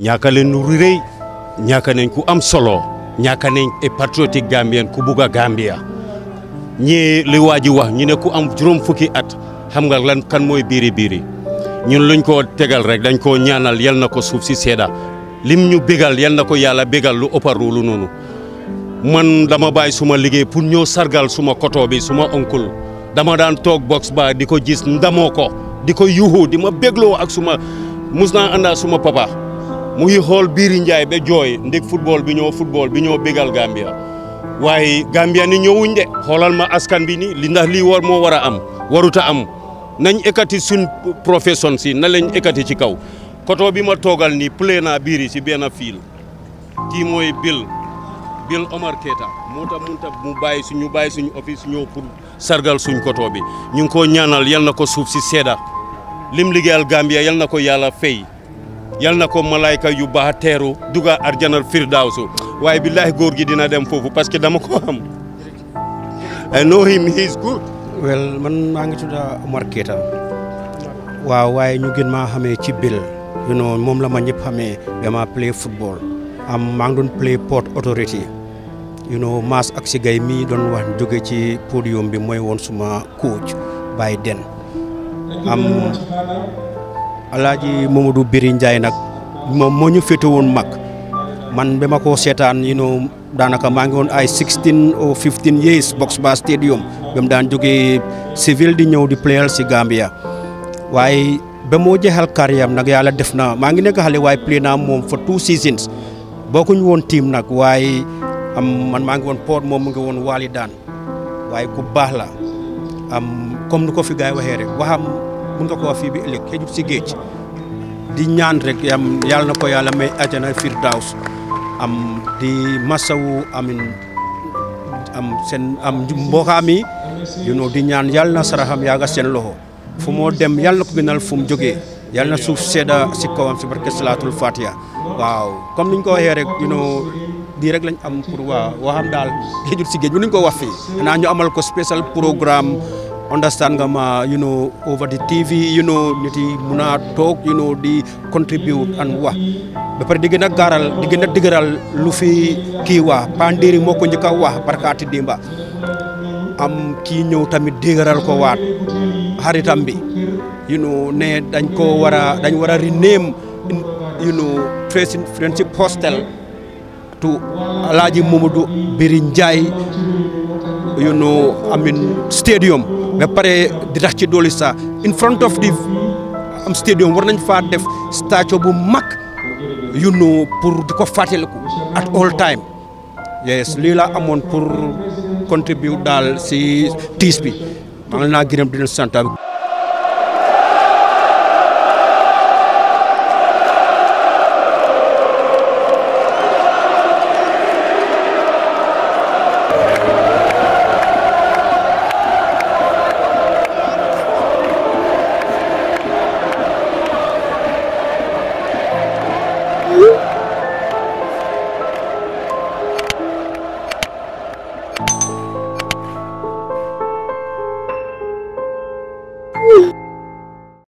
ñaaka leen nu rëy ñaaka nañ ku am solo ñaaka nañ e patriotique ku bugg a Gambia ñii li waa ji wax ñu ne ku am juróom fukki at xam nga lan kan mooy biiri biiri ñun luñ koo tegal rek dañ koo ñaanal yal na ko suuf si seeda lim ñu bégal yal na ko yàlla bégal lu ëpparu lu noonu man dama bàyyi suma liggéey pour ñoo sargal suma koto bi suma onkul dama daan toog box ba di ko jis ndamoo ko Diko yuhu, yuuxu di ma beglo ak suma musna anda suma papa Muhi hol biiri njay be joy ndek football bi ñoo football bi ñoo gambia waye gambia ni ñëwuñ de holal ma askan bi ni li ndax li war mo wara am waruta am nañ ekati sun profession si na lañ ekati ci kaw koto bi ma togal ni plena biri ci si fil ki moy bil bil omar keta mota munta mun mu bàyyi suñu suñu office ñoo pour sargal suñ koto bi ñu ko ñaanal yalla suuf ci lim liggéeyal Gambia yal nako yalla fey yal nako malaika yu ba teeru duga arjanal Firdausu, waye billahi gor gi dina dem fofu parce que dama ko xam I know him he is good well man ma ngi tudd Omar keta waaw waye ñu gën ma xamé ci Bill you know mom la ma ñep xamé be ma play football am ma ngi play Port Authority you know Mass ak ci gay mi doon wax jóge ci podium bi moy won suma coach by den am alaji Mamadou Biri Ndiaye nag moom moo ñu féete man bema ko sétane you know danaka ma ngi won ay 16 or 15 years box ba stadium ba dan jogé civil di ñew di player si Gambia waye ba mo hal carrière nak yalla defna ma ngi nek waye play na mom for two seasons bokuñ won team nak, waye am man ma ngi won port mom mu ngi won walidan waye ku bax la am comme ni ko fi gay yi rek waxam mun nga ko wax fii bi ëllëg xëjut si géej di ñaan rek yam yàlla na ko yàlla may ajana firdaws am di masawu amin am seen am mbookaam yi you know di ñaan yàlla na saraxam yaaga seen loxo fu moo dem yàlla na ko gënal fu mu jógee yàlla na suuf sedda si kawam si barke salaatul fatiha waaw comme niñ ko waxee rek you know lii rek lañ am pour waa waxam daal xëjut si géej bu niñ ko wax fii xanaa ñu amal ko spécial programme understand nga ma you know over the TV you know nit yi mun toog you know di contribute and wax ba pare di gën a gaaral di gën a digëral lu fi kii wax Panderi moo ko njëkk a wax barkaati dimba am kii ñëw tamit digëral ko waat xaritam bi you know ne dañ ko war a dañ war a rename you know friendship hostel to Alhaji you know amin mean stadium ba di dax ci dolli saa in front of the am stadium war nañ faa def statue bu mag you know pour di ko fàttaliku at all time yes lii laa amoon pour contribute daal si tiis bi maa ngi naa gërëm dina sant